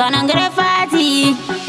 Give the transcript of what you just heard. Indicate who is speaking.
Speaker 1: So I'm gonna party.